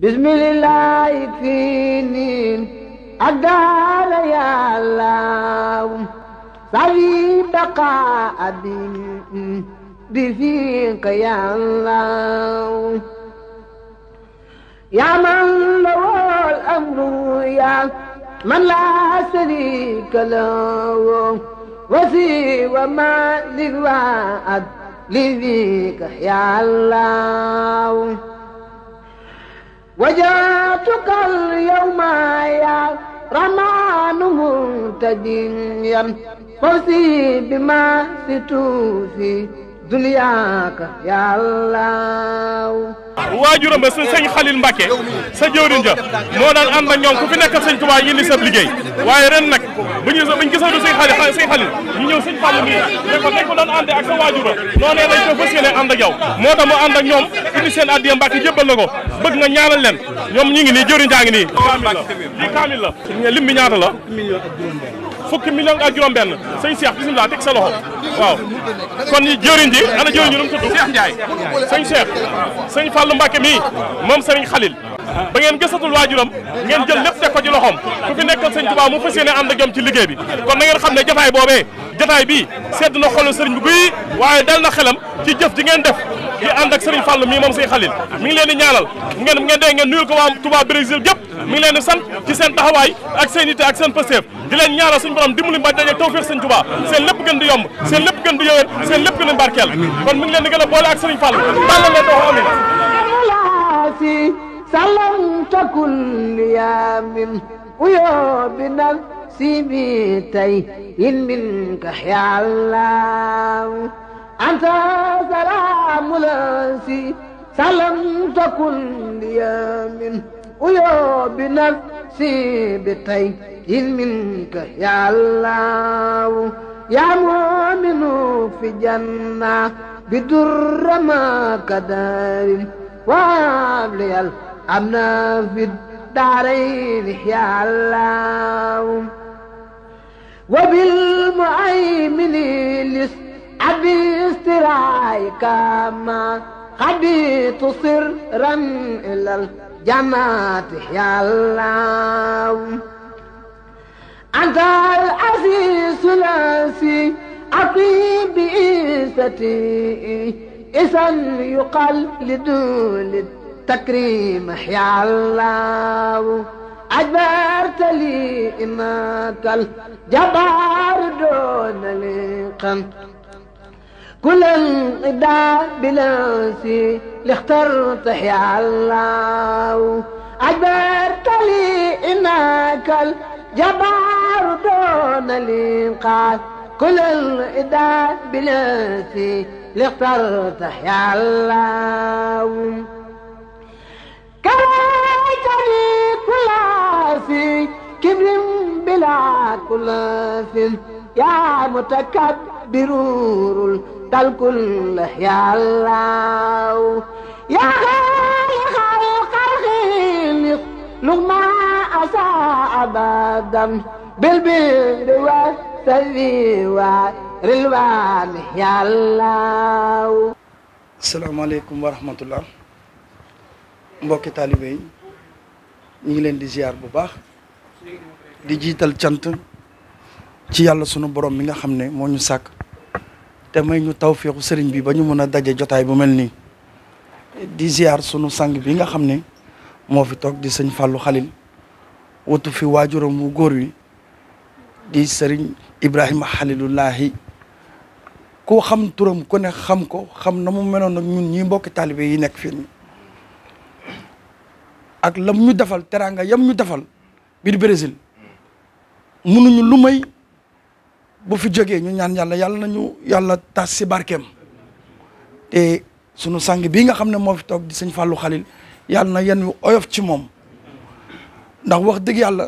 بسم الله يكفيني أقال يا الله صلي بقى أبي يا الله يا من له الأمر يا من لا شريك له وسوى ما للوعد لذيك يا الله وجاتك اليوم يا رمان منتديا فوزي بما ستوفي duniyaaka yàllaaw waajuram ba sëñ Xalil Mbàkke sa jëwriñ ja moo daan ànd ak ñoom ku fi nekkal sëñ ñi yindi sab liggéey waaye ren nag bu ñu bu ñu gisatu sëñ ñëw sëñ Fallu mii ne ko dañ ko daan àndee ak sa waajura noonu dañ ko fas yéene ànd ak yow moo tax mu ànd ak ñoom indi seen addiya Mbàkke jébbal na ko bëgg nga ñaanal leen ñoom ñu ngi nii jëwriñ jaa ngi nii kaamil la lii la fukki million ak juróom-benn sëñ Cheikh bisimilah teg sa loxo waaw. kon jëriñ ji ana jëriñ ji nu mu tudd Cheikh Ndiaye sëñ Cheikh sëñ Fallou Mbacke mii moom sëriñ Khalil. ba ngeen gëstatul waajuram ngeen jël lépp teg ko ci loxoom ku fi nekkal sëñ Tuubaa mu fas yéene ànd ak ñoom ci liggéey bi kon na ngeen xam ne jataay boobee jataay bii sedd na xolu sëriñ bi guy waaye dal na xelam ci jëf ji ngeen def. di ànd ak Serigne Fall mii moom Serigne Khalil mi ngi leen di ñaanal ngeen ngeen dee ngeen nuyul ko waa Touba Brésil yëpp mi ngi leen di sant ci seen taxawaay ak seen yitte ak seen pësteef di leen ñaanal suñu borom dimbali ba daje tawfeex sëñ Touba seen lépp gën di yomb seen lépp gën di yowéen seen lépp gën di kon mi ngi ak Serigne إن منك الله أنت سلام لاسي سلام تكون يا من ويا بنفسي بتاي إذ منك يا الله يا مؤمن في جنة بدر ما كدار وابلي الأمن في الدارين يا الله وبالمؤمن لست أبي استرايكا ما خبيت رم إلى الجماعه يا الله أنت العزيز الأسي أقيم بإيستي إذا يقال لدول التكريم يا الله أجبرت لي إماك الجبار دون لقم كل انقضى بلاسي لاخترت يا الله أجبرت لي إنك الجبار دون الإنقاذ كل الإداء بلاسي لاخترت يا الله كرهتني كل في كبر بلا كل يا متكبر الكل يا الله يا غالي خلق لغما أساء يا الله السلام عليكم ورحمة الله mbokki talibé ngi leen di ziar bu baax di jital cant ci yalla sunu borom mi nga xam te may ñu tawféexu sëriñ bi ba ñu mën a daje jotaay bu mel nii di ziar sunu sang bi nga xam ne moo fi toog di sëñ falu Khalil wutu fi waajuram wu góor wi di sëriñ Ibrahima Khalilullahi ku xam turam ko ne xam ko xam na mu meloon ak ñun ñii mbokki taalibe yi nekk fii ak lam ñu defal teraanga yam ñu defal biir Brésil munuñu lu may bu fi jógee ñu ñaan yàlla yàlla nañu yàlla tas si barkeem te sunu sang bii nga xam ne moo fi toog di sëñ Fallou Khalil yàlla na yen wi oyof ci moom ndax wax dëgg yàlla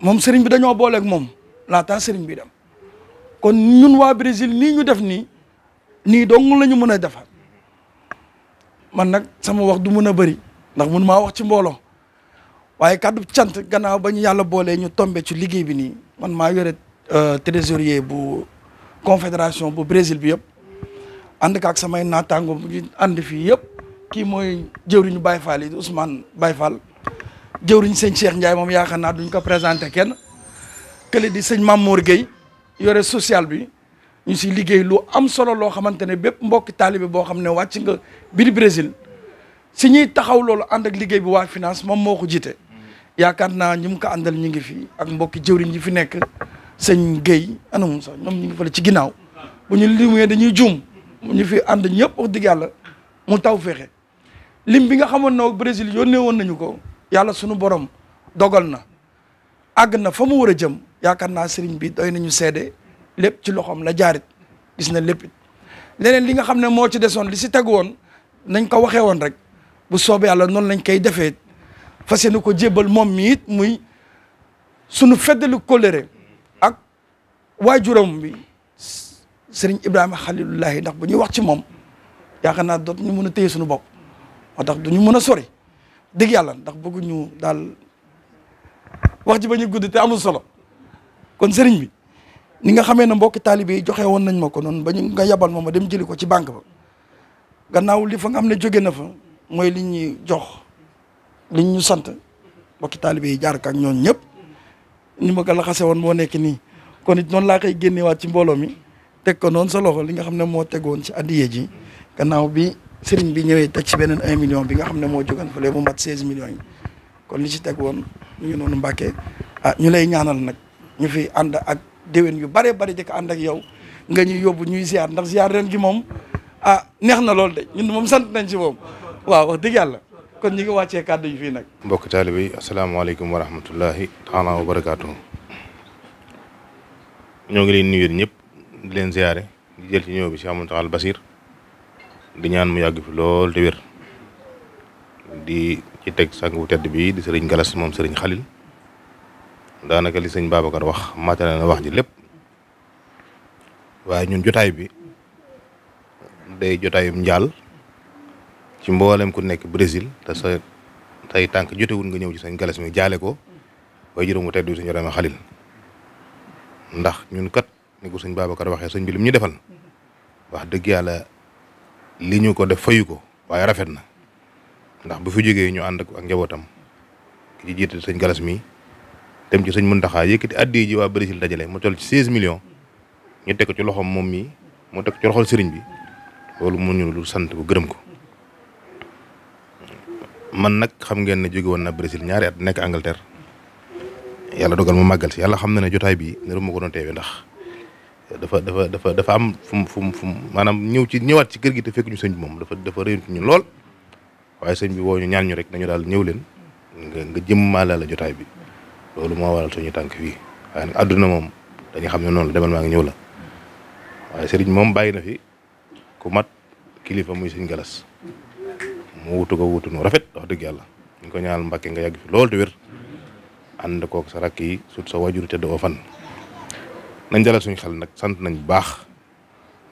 moom sëriñ bi dañoo booleeg moom laataa sëriñ bi dem kon ñun waa Brésil nii ñu def nii nii dong la ñu mën a defar man nag sama wax du mën a bëri ndax mun maa wax ci mbooloo waaye kàddu cant gannaaw ba ñu yàlla boolee ñu tombe ci liggéey bi nii man maa yore Euh, trésorier bu confédération bu Brésil bi yëpp ànd kaak samay naataango bu ñu ànd fii yëpp kii mooy jëwriñu Baye Fall yi Ousmane Baye Fall jëwriñ sëñ Cheikh Ndiaye moom yaakaar naa duñ ko présenté kenn kële di sëñ Mamour Gueye yore social bi ñu si liggéey lu am solo loo xamante ne bépp mbokki taalibe boo xam ne wàcc nga biir Brésil si ñuy taxaw loolu ànd ak liggéey bi waa finance moom moo ko jiite yaakaar naa ñu mu ko àndal ñu ngi fi ak mbokki jëwriñ yi fi nekk sëñ Guèye anam sax ñoom ñu ngi fële ci ginnaaw bu ñu limee dañuy juum ñu fi ànd ñëpp wax dëgg yàlla mu taw fexe lim bi nga xamoon na Brésil yónnee woon nañu ko yàlla sunu borom dogal na àgg na fa mu war a jëm yaakaar naa sëriñ bi doy nañu seede lépp ci loxoom la jaarit gis na lépp leneen li nga xam ne moo ci desoon li si tegu woon nañ ko waxee woon rek bu soobee yàlla noonu lañ koy defee fas yéene ko jébbal moom mi it muy sunu feddalu kóllëre waa juram bi sëriñ Ibrahima Xalilullahi ndax bu ñuy wax ci moom yaakaar naa dootuñu mun a téye suñu bopp moo tax duñu mën a sori dëgg yàlla ndax bëgguñu daal wax ji ba ñu gudd te amul solo kon sëriñ bi ni nga xamee ne mbokki taalibe yi joxe woon nañ ma ko noonu ba ñu nga yabal ma a dem jëli ko ci banque ba gannaaw li fa nga xam ne jóge na fa mooy li ñuy jox li ñu sant mbokki taalibe yi jaar ak ñoom ñëpp ñu ma ga a xase woon moo nekk nii. kon it noonu laa koy génnewaat ci mbooloo mi teg ko noon sa loxo li nga xam ne moo tegoon ci addiye ji gannaaw bi sëriñ bi ñëwee teg ci beneen un million bi nga xam ne moo jógan fële mu mat seize millions yi kon li ci teg woon ñu ngi noonu ah ñu lay ñaanal nag ñu fi ànd ak déwén yu bare bari di ko ànd ak yow nga ñuy yóbbu ñuy ziar ndax ziar ren gi moom ah neex na lool de ñun moom sant nañ ci moom waaw wax dëgg yàlla kon ñu ngi wàccee kàddu fii nag. mbokk taalibe yi asalaamaaleykum wa rahmatullahi taala wa barakaatuhu. ñoo ngi leen nuyu ñëpp di leen ziare di jël ci ñëw bi si amoon taxal Basir di ñaan mu yàgg fi lool te wér di ci teg sang bu tedd bi di sëriñ Galas moom sëriñ Xalil daanaka li sëñ Babacar wax matale na wax ji lépp waaye ñun jotaay bi day jotaayum njaal ci mboolem ku nekk Brésil te sa tank tànk jotewul nga ñëw ci sëñ Galas mi jaale ko waaye juróom bu tedd bi sëñ Ibrahima Xalil ndax ñun kat ni ko sëñ babakar waxe sëñ bi lim ñu defal wax deug yàlla li ñu ko def fayu ko waaye rafet na ndax bu fi joge ñu and ak njabotam ki ci jiite galas mi dem ci sëñ Muntaxa yekiti addi ji wa Brésil dajale mu toll ci 16 millions ñu tek ci loxom mom mi mu tek ci loxol sëriñ bi loolu mu ñu lu sant ko gërem ko man nak xam ngeen ne joge won na Brésil ñaari at nek Angleterre yàlla dogal ma màggal si yàlla xam na ne jotaay bi niru ma ko doon teewee ndax dafa dafa dafa dafa am fu mu fu maanaam ñëw ci ñëwaat ci kër gi te fekk ñu sëñ moom dafa dafa réyuntu ñu lool waaye sëñ bi woo ñu ñaan ñu rek nañu daal ñëw leen nga nga jëmmaale la jotaay bi loolu moo waral suñu tànk fii waaye nag àdduna moom dañu xam ne noonu la demal maa ñëw la waaye sëriñ moom bàyyi na fi ku mat kilifa muy sëñ galas mu wutu ko wutu nu rafet wax dëgg yàlla ñu ko ñaanal mbàkke nga yàgg fi loolu te Anda ko ak sarak yi sut sa wajur tëdd do fan nañ dalal suñu xel nak sant nañ bax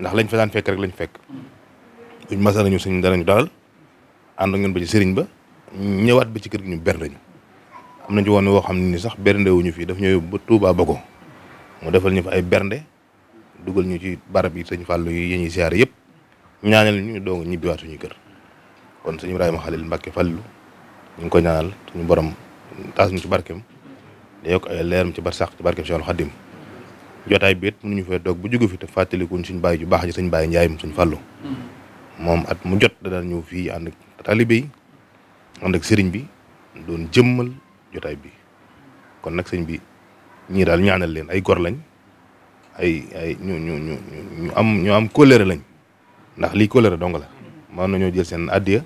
ndax lañ fa daan fek rek lañ fek buñ sa nañu suñ danañu dalal ànd ak ñun ba ci sëriñ ba ñewat ba ci kër gi ñu ber lañu am nañ ci woon wo xamni ni sax bernde wuñu fi daf ñoy ba Touba Bogo mu defal ñu fa ay bernde duggal ñu ci barab yi sëñ fallu yi ñuy ziar yépp ñaanal ñu ñibi ñibbiwaat ñu kër kon sëñ Ibrahima Khalil Mbacke fallu ñu ko ñaanal suñu borom taas ñu ci barkem da yokk ay leeram ci barsax ci barkeb Seexul Xadim jotaay bi it mënuñu fee doog bu jóge fi te fàttalikuñ suñ bàyyi ju baax ji suñ bàyyi njaay mi at mu jot da ñëw fii ànd ak taalibe yi ak sëriñ bi doon jëmmal jotaay bi kon nag sëñ bi ñii daal ñaanal leen ay gor lañ ay ay ñu ñu ñu ñu am ñu am kóllëre lañ ndax li kóllëre dong la mën nañoo jël seen addiya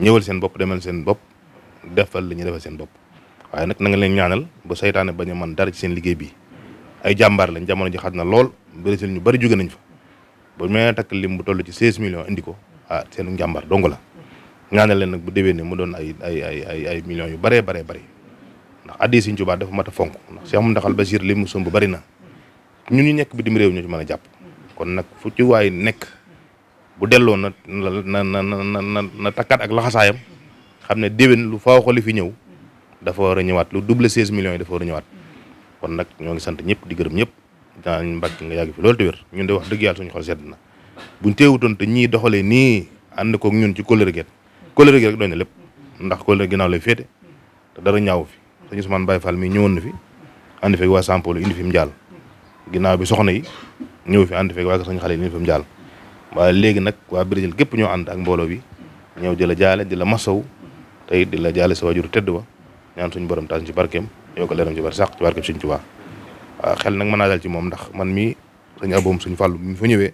ñëwal seen bopp demal seen bopp defal li ñu defal seen bopp waaye nak na nga leen ñaanal bu saytaane bañ man dara ci seen liggey bi ay jambar lañ jamono ji xatna lool Brésil ñu bari jóge nañ fa bu me tak lim bu tollu ci 16 millions indi ko ah seen jambar dong la ñaanal leen nak bu déwénee mu doon ay ay ay ay millions yu baree baree bëri ndax addi seigne touba dafa mata fonk ndax Cheikh mu sombu bari na ñu ñu nekk bitim rew ñu ci mëna japp kon nak fu ci way nekk bu delloo na na na na na na ak laxasaayam xam ne déwén lu faaw xoli fi ñew dafa war a ñëwaat lu double 16 millions yi dafa war a ñëwaat kon nag ñoo ngi sant ñëpp di gërëm ñëpp daañ mbàkk nga fi loolu te wér ñun de wax dëgg yàlla suñu sedd na buñ teewutoon te ñii doxalee nii ànd kook ñun ci kóllëre gi kóllëre gi rek doy na lépp ndax kóllëre ginnaaw lay féete te dara ñaaw fi sëñ Ousmane Baye Fall mii ñëwoon na fi ànd feeg waa Sampolo indi fi mu jàll ginnaaw bi soxna yi ñëw fi ànd feeg waa sañ xale yi indi fi mu jàll waaye léegi nag waa Brésil gépp ñoo ànd ak mbooloo bi ñëw di la jaale di la masaw tey di la jaale sa wajur tedd wa ñaan suñu borom tas ci barkem yow ko leeram ci bar sax ci barkem suñu tuba ah, xel nak mën naa dal ci mom ndax man mi suñu aboom suñu fallu mi fa ñëwee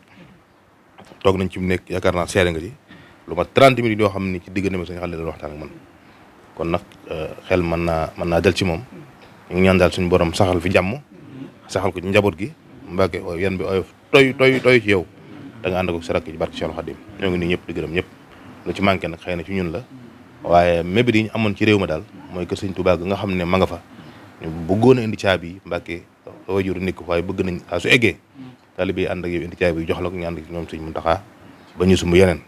tok nañ ci mu nekk yaakaar séré nga ci luma 30 minutes yo xamni ci digëne ma suñu xalé la waxtaan ak man kon nak eh, xel man na man na dal ci mom ñu ñaan dal suñu borom saxal fi jamm saxal ko ci njabot gi o yan bi o toy toy toy ci yow da nga ànd ak sarak ci barke Cheikh Khadim ñu ngi ni ñëpp di gërëm ñëpp lu ci manké nak xeyna ci ñun la waye mébét amon ci réew dal mooy kër sëñ Tuubaa nga xam ne manga fa ñu bëggoon a indi caabi yi Mbàkke wajuru nekk waaye bëgg nañ saa su eggee taalibe yi ànd ak yow indi caabi yi jox la ko ñu ànd ak ñoom sëñ Muntaxa ba ñu sumb yeneen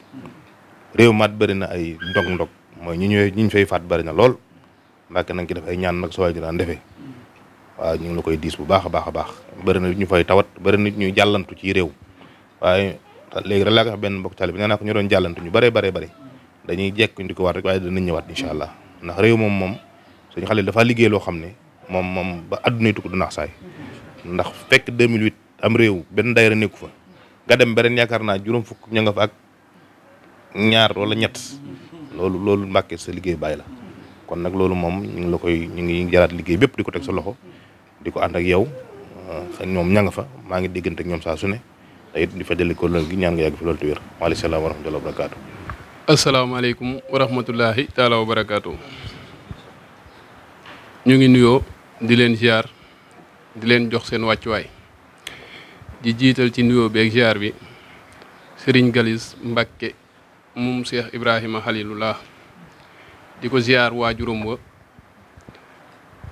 rew mat bëri na ay ndog-ndog mooy ñu ñëwee ñu fay faat bëri na lool Mbàkke nañ ci def ay ñaan nag soo waay daan defee waaw ñu ngi la koy diis bu baax a a baax bëri na ñu fay tawat bëri na ñuy jàllantu ci réew waaye léegi rek laa ko wax benn mbokk taalibe nee ñu doon jàllantu ñu bëree bare bëri dañuy jekk ñu di ko war rek waaye danañ ñëwaat incha allah ndax réew mom mom sëñ Xalil dafa liggéey lo xam mom mom moom ba àdduna tuk du nax say ndax fekk 2008 am réew ben daayira neeku fa ga dem beren yakarna jurum fuk ñanga fa ak ñaar wala ñet loolu loolu Mbàkke sa liggéey bay la kon nak loolu mom ñu ngi la koy ñu ngi jaraat liggéey bépp diko tek sa loxo diko and ak yow euh, xëy ñoom ñanga fa ma ngi digënt ak ñom sa suné tayit di fa jëli ko loolu gi ñaan nga yag fi loolu te wa alaykum assalam wa rahmatullahi wa barakatuh asalaamaaleykum wa rahmatullahi taala wa barakaatu. ñu ngi nuyoo di leen ziar di leen jox seen wàccuwaay di jiital ci nuyoo beeg ziar bi sëriñ Galis Mbacke moom Cheikh Ibrahima Khalilullah di ko ziar waajuram wa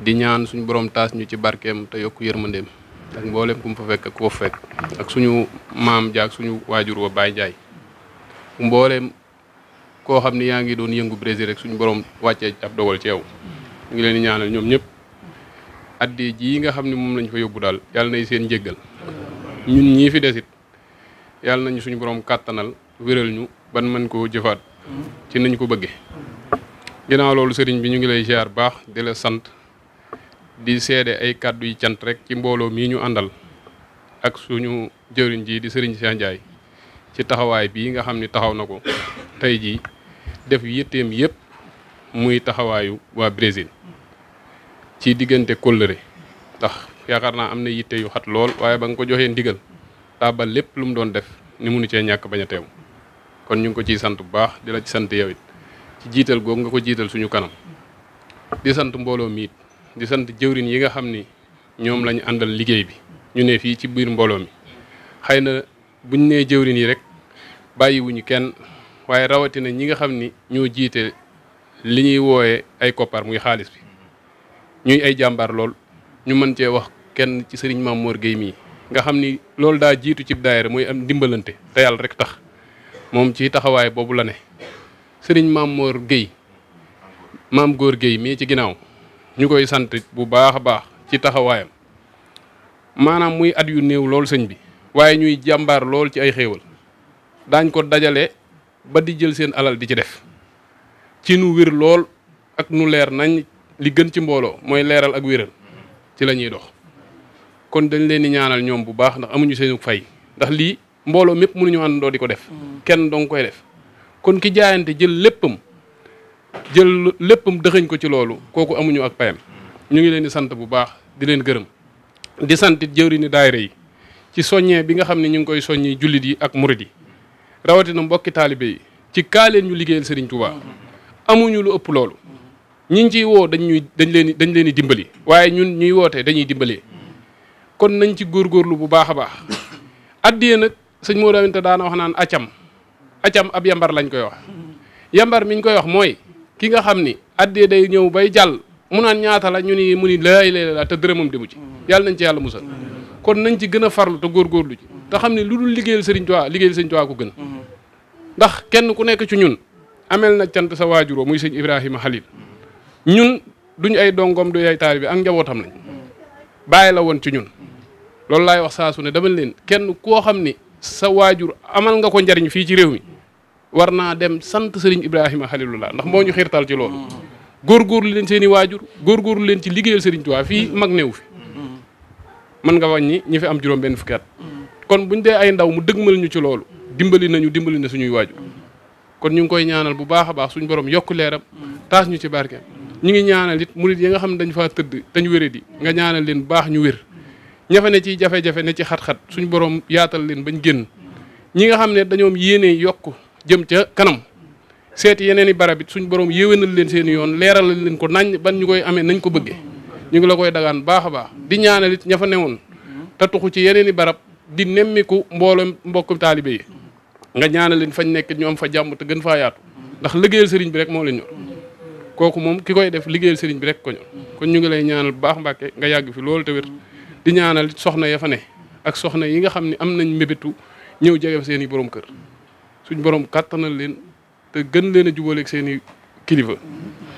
di ñaan suñu boroom taas ñu ci barkeem te yokk yërmandeem ak mboolem ku fa fekk ak ku fa fekk ak suñu maam jaag suñu waajur wa Baye Ndiaye mboolem koo xam ni yaa ngi doon yëngu Brésil rek suñu borom wàccee ab dogal ci yow ñu ngi leen ñaanal ñoom ñëpp addi ji nga xam ne moom lañu fa yóbbu daal yàlla nay seen njéggal ñun ñii fi desit yàlla nañu suñu boroom kàttanal wéral ñu ban mën koo jëfaat ci nañ ko bëggee ginnaaw loolu sëriñ bi ñu ngi lay ziar baax di la sant di seede ay kàddu yi cant rek ci mbooloo mii ñu àndal ak suñu jëriñ ji di sëriñ Cheikh Ndiaye ci taxawaay bii nga xam ni taxaw na ko tey jii def yitteem yëpp muy taxawaayu waa Brésil ci diggante kóllëre ndax yaakaar naa am na yitte yu xat lool waaye ba nga ko joxee ndigal taabal lépp lu mu doon def ni munu cee ñàkk bañ a teew kon ñu ngi ko ciy sant bu baax di la ci sant yow ci jiital googu nga ko jiital suñu kanam di sant mbooloo mi di sant jëwrin yi nga xam ni ñoom lañu àndal liggéey bi ñu ne fii ci biir mbooloo mi xëy na buñ nee jëwrin yi rek bàyyiwuñu kenn waaye rawatina ñi nga xam ni ñoo jiite li ñuy wooye ay koppar muy xaalis bi ñuy ay jàmbaar lool ñu mën cee wax kenn ci sëriñ Maam Mor Guèye mii nga xam ni loolu daa jiitu cib daayira mooy am dimbalante te yàlla rek tax moom ci taxawaay boobu la ne sëriñ Maam Mor Guèye maam góor Guèye mii ci ginnaaw ñu koy sant bu baax a baax ci taxawaayam maanaam muy at yu néew lool sëñ bi waaye ñuy jàmbaar lool ci ay xéewal daañ ko dajale ba di jël seen alal di ci def ci nu wir lool ak nu leer nañ li gën ci mbooloo mooy leeral ak wiral ci la ñuy dox kon dañ leen di ñaanal ñoom bu baax ndax amuñu seen fay ndax lii mbooloo mépp mënuñu àndandoo di ko def kenn dong koy def kon ki jaayante jël léppam jël léppam dëxëñ ko ci loolu kooku amuñu ak payam ñu ngi leen di sant bu baax di leen gërëm di santit jëwri ni daayira yi ci soññee bi nga xam ñu ngi koy soññi jullit yi ak murit yi rawatina mbokki taalibe yi ci kaa leen ñu liggéeyal Serigne Touba amuñu lu ëpp loolu ñi ciy woo dañ dañ leen dañ leen di dimbali waaye ñun ñuy wootee dañuy dimbali kon nañ ci góorgóorlu bu baax a baax addiyee nag sëñ moo dawante daana wax naan acam acam ab yambar lañ koy wax yambar miñ koy wax mooy ki nga xam ni addiyee day ñëw bay jàll mu naan ñaata la ñu ni mu ni laay lay te dërëmam demu ci yàlla nañ ci yàlla musal kon nañ ci gën a farlu te góorgóorlu ci te xam ne lu dul liggéeyal Serigne Touba liggéeyal Serigne Touba ko gën ndax kenn ku nekk ci ñun ameel na cant sa waajuroo muy sëñ Ibrahima Khalil ñun duñ ay dongoom du ay taalibe ak njabootam lañ bàyyi la woon ci ñun loolu laay wax saa su ne dama leen kenn koo xam ni sa waajur amal nga ko njariñ fii ci réew mi war naa dem sant sëriñ Ibrahima laa ndax moo ñu xiirtal ci loolu góorgóorlu leen seen i waajur góorgóorlu leen ci liggéeyal sëriñ Tuubaa fii mag néew fi mën nga wàññi ñi fi am juróom benn kon bu ñu dee ay ndaw mu dëgmal ñu ci loolu dimbali nañu dimbali na suñuy waaju kon ñu ngi koy ñaanal bu baax a baax suñu borom yokk leeram taas ñu ci barke ñu ngi ñaanal it murit yi nga xam ne dañ faa tëdd dañ wére di nga ñaanal leen baax ñu wér ñafe ne ci jafe-jafe ci xat suñu borom yaatal leen bañ génn ñi nga xam ne dañoom yéene yokk jëm ca kanam seet yeneen i barab suñu borom yéwénal leen seen yoon leeralal leen ko nañ ban ñu koy amee nañ ko bëgge ñu ngi la koy dagaan baax a baax di ñaanal it ña fa woon te tuxu ci yeneen i barab di nemmiku mbooloo mbokkum taalibe yi nga ñaanal leen fañ nekk ñu am fa jàmm te gën faa yaatu ndax liggéeyal sëriñ bi rek moo leen ñor kooku moom ki koy def liggéeyal sëriñ bi rek ko kon ñu ngi lay ñaanal bu baax Mbàkke nga yàgg fi loolu te di ñaanal soxna ya fa ne ak soxna yi nga xam ne am nañ mébétu ñëw jege seen i borom kër suñ borom kàttanal leen te gën leen a jubaleeg seen i kilifa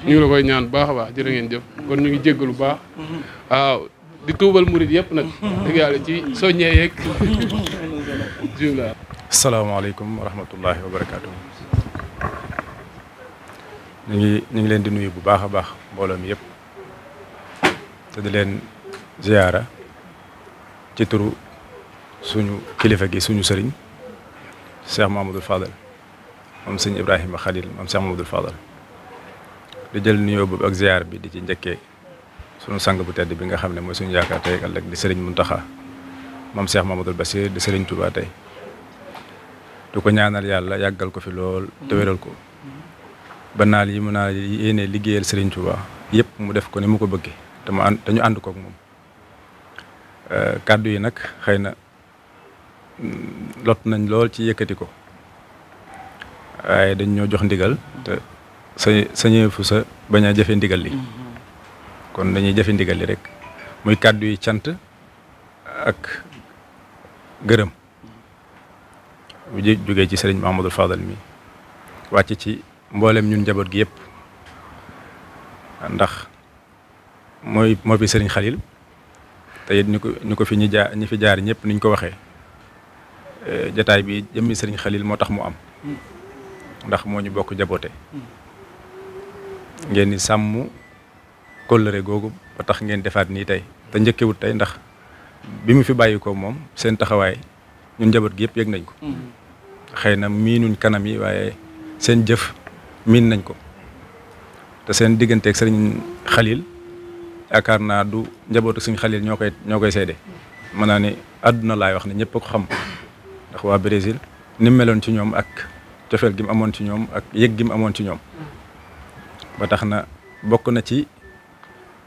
ñu ngi la koy ñaan baax a baax jërë ngeen jëf kon ñu ngi jéggalu baax waaw di tuubal murit yépp nag. dëgg yàlla ci soññee yeeg. asalaamaaleykum wa rahmatullahi wa barakaatu. ñu ngi ñu ngi leen di nuyu bu baax a baax mbooloom mi yëpp te di leen ziyaara ci turu suñu kilifa gi suñu sëriñ Cheikh Mamadou Fadal moom sëñ Ibrahima Khalil moom Cheikh Mamadou Fadal di jël nuyoo boobu ak ziyaar bi di ci njëkkee. sunu sang bu tedd bi nga xam ne mooy suñu yaakaar tey ak ëllëg di sëriñ Muntaxa moom Cheikh Mamadou Bassir di sëriñ Touba tey du ko ñaanal yàlla yàggal ko fi lool te wéral ko ba naal yi mu a yi liggéeyal sëriñ Touba yëpp mu def ko ne mu ko bëggee te mu ànd te ñu ànd kook moom euh, kàddu yi nag xëy na mm, lot nañ lool ci yëkkati ko waaye dañ ñoo jox ndigal te sañ sañeefu sa bañ a ndigal li kon dañuy jëfe ndigal li rek muy kàddu yi cant ak gërëm bu jógee ci sëriñ Mahamadul Fadal mi wàcc ci mbooleem ñun njaboot gi yëpp ndax mooy moo fi sëriñ Xalil te it ñu ko ñu ko fi ñu jaar ñi fi jaar ñëpp niñ ko waxee eh, jataay bi jëmmi sëriñ Xalil moo tax mu am ndax moo ñu bokk jaboote mm. ngeen sàmm kóllëre googu ba tax ngeen defaat nii tey te njëkkewut tey ndax bi mu fi bàyyi ko moom seen taxawaay ñun njaboot gi yëpp yëg nañ ko mm-hmm. xëy na miinuñ kanam yi waaye seen jëf miin nañ ko te seen digganteeg sëriñ xalil yaakaar naa du njabootu suñ xalil ñoo koy ñoo koy seede mën naa ni àdduna laay wax ne ñëpp a ko xam ndax waa Brésil ni mu meloon ci ñoom ak cofeel gi mu amoon ci ñoom ak yëg gi mu amoon ci ñoom ba tax na bokk na ci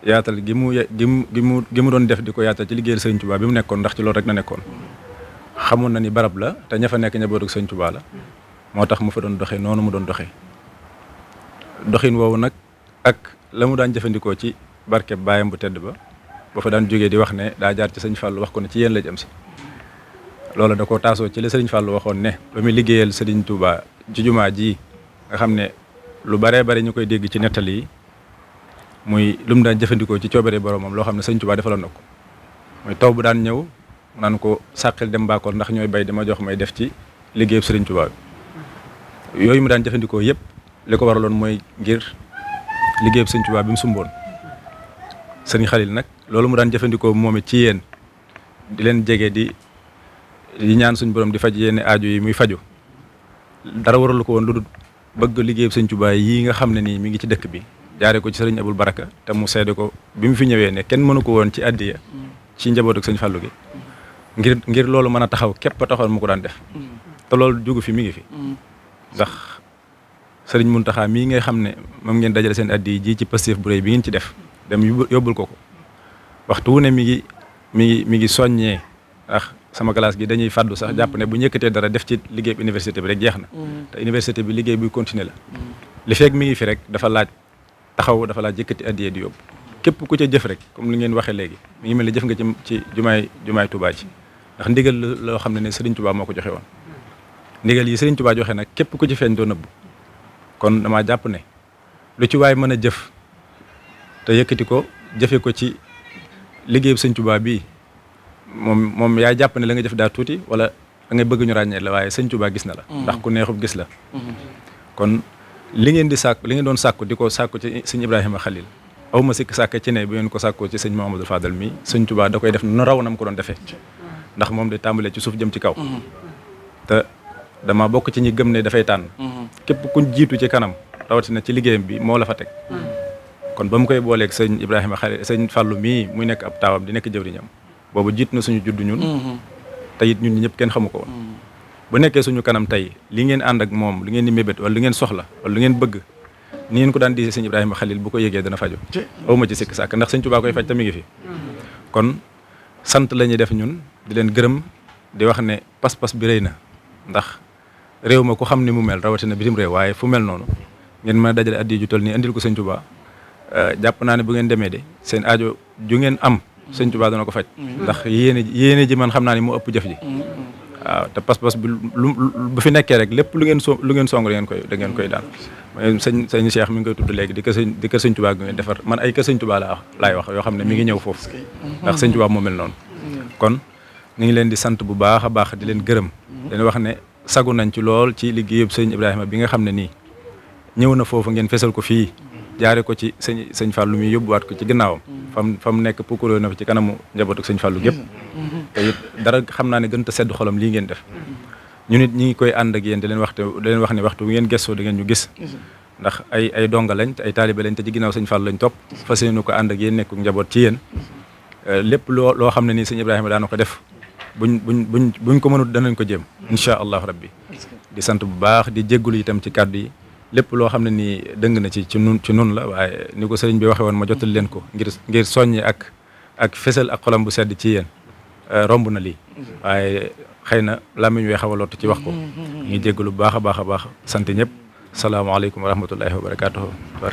yaatal gi mu gi mu gi mu gi mu doon def di ko yaatal ci liggéeyal Sëriñ Tuubaa bi mu nekkoon ndax ci loolu rek na nekkoon xamoon na ni barab la te ña fa nekk njabootu Sëriñ Tuubaa la moo tax mu fa doon doxee noonu mu doon doxe doxin woowu nag ak la mu daan jëfandikoo ci barkeb baayam bu tedd ba ba fa daan jógee di wax ne daa jaar ci Sëriñ Fàllu wax ko ne ci yéen la jëm si loola da ko taasoo ci la Sëriñ Fàllu waxoon ne ba muy liggéeyal Sëriñ Tuubaa ci jumaa ji nga xam ne lu baree bari ñu koy dégg ci nettali yi muy lum daan jëfëndiko ci ciobéré borom loo lo xamné sëñ Tuubaa defaloon na ko muy taw bu daan ñëw nan ko sakkel dem bakkor ndax ñoy bay dama jox may def ci liggéey sëriñ Tuubaa yoy mu daan jëfëndiko yépp liko ko waraloon mooy ngir liggéey sëñ Tuubaa bi mu sumboon sëñ Xalil nag loolu mu daan jëfëndiko momi ci yeen di leen jege di di ñaan suñ borom di faji yenn aaju yi muy faju dara waral ko won lu bëgg liggéey sëñ yi nga xamné ni mi ngi ci dëkk bi jaare ko ci serigne abul baraka te mu seede ko bimu fi ñëwee ne kenn mënu ko won ci addiya ci ak gi ngir ngir loolu mëna taxaw képp taxoon mu ko daan def te loolu jugu fi mi ngi fi ndax serigne muntaha mi ngay xam ne ngeen dajale seen addi ji ci passif bu reuy bi ngeen ci def dem yobul koko waxtu wu ne mi ngi mi ngi mi ngi sama classe gi dañuy faddu sax japp ne bu ñëkëté dara def ci liggéey université bi rek jeexna na université bi liggéey buy continuer la li feeg mi ngi fi rek dafa laaj taxaw dafa laa jëkkati addiyee di yóbbu képp ku ca jëf rek comme li ngeen waxee léegi mu ngi mel ni jëf nga ci ci jumaay jumaay Touba ci ndax ndigal loo xam ne ne Serigne Touba moo ko joxe woon ndigal yi Serigne Touba joxe nag képp ku ci feeñ doo nëbbu kon damaa jàpp ne lu ci waay mën a jëf te yëkkati ko jëfe ko ci liggéeyub Serigne Touba bii moom moom yaa jàpp ne la nga jëf daa tuuti wala da ngay bëgg ñu ràññee la waaye Serigne Touba gis na la mm-hmm. ndax ku neexub gis la mm-hmm. li ngeen di sàkk li ngeen doon sàkk di ko sàkku ci sëñ Ibrahima Khalil aw ma sikk sàkk ci ne bu ngeen ko sàkkoo ci sëñ Mouhamadou Fadal mi sëñ Touba da koy def nu raw na mu ko doon defee ndax moom de tàmbalee ci suuf jëm ci kaw te dama bokk ci ñi gëm ne dafay tànn képp kuñ jiitu ci kanam rawatina ci liggéeyam bi moo la fa teg kon ba mu koy booleeg sëñ Ibrahima Khalil sëñ Fallou mii muy nekk ab taawam di nekk jëwriñam boobu jiit na suñu juddu ñun mm-hmm. te it ñun ñëpp kenn xamu ko woon bu nekkee suñu kanam tey li ngeen ànd ak moom li ngeen di mébét wala li ngeen soxla wala li ngeen bëgg ni ngeen ko daan diisee sëñ Ibrahima Khalil bu ko yëgee dana faju awma ci sikk sàkk ndax sëñ Tuubaa koy faj tam mi ngi fi kon sant lañuy def ñun di leen gërëm di wax ne pas-pas bi rëy na ndax réew ma ku xam ni mu mel rawatina bitim réew waaye fu mel noonu ngeen ma dajale addi ju toll nii indil ko sëñ Tuubaa euh, jàpp naa ne bu ngeen demee de seen ajo ju ngeen am sëñ Tuubaa dana ko faj ndax yéene yéene ji man xam naa ne moo ëpp jëf ji waaw te pas-pas bi lu bu fi nekkee rek lépp lu ngeen so lu ngeen song da ngeen koy da ngeen koy daan sëñ sëñ Cheikh mi ngi koy tudd léegi di ko sëñ di ko sëñ Tuubaa gi ngeen defar man ay ko sëñ Tuubaa laa laay wax yoo xam ne mi ngi ñëw foofu ndax sëñ Tuubaa moo mel noonu kon ñu ngi leen di sant bu baax a baax di leen gërëm dañu wax ne sagu nañ ci lool ci liggéeyub sëñ Ibrahima bi nga xam ne nii ñëw na foofu ngeen fesal ko fii jaare ko ci sëñ sëñ Fallou mi waat ko ci ginnaawam. Mm. fam fam nekk puukaroo na fa ci kanamu njabootu sëñ Fallou gépp mm. dara xam naa ne gën a sedd xolam lii ngeen def. Mm. ñu nit ñi ngi koy ànd ak yéen di leen wax te wax ne waxtu ngeen gëstoo da ngeen ñu gis. ndax ay ay donga lañ ay taalibe lañ te ci ginnaaw sëñ Fallou lañ topp. fa yéene ko ànd ak yéen nekk njaboot ci yéen. Eh, lépp loo loo xam ne nii sëñ Ibrahima daana ko def. buñ buñ buñ buñ ko mënut danañ ko jéem. incha allah rabbi di sant bu baax di jéggulu itam ci kàddu yi lépp loo xam ne nii dëng na ci ci nun ci nun la waaye ni ko sëriñ bi waxee woon ma jotal leen ko ngir ngir soññe ak ak fésal ak xolam bu sedd ci yen euh, romb na li waaye xëy na làmmiñ wee xaw a lott ci wax ko ngi jégg lu baax a baax a baax sant ñëpp salaamaaleykum wa rahmatullahi wa barakaatuhu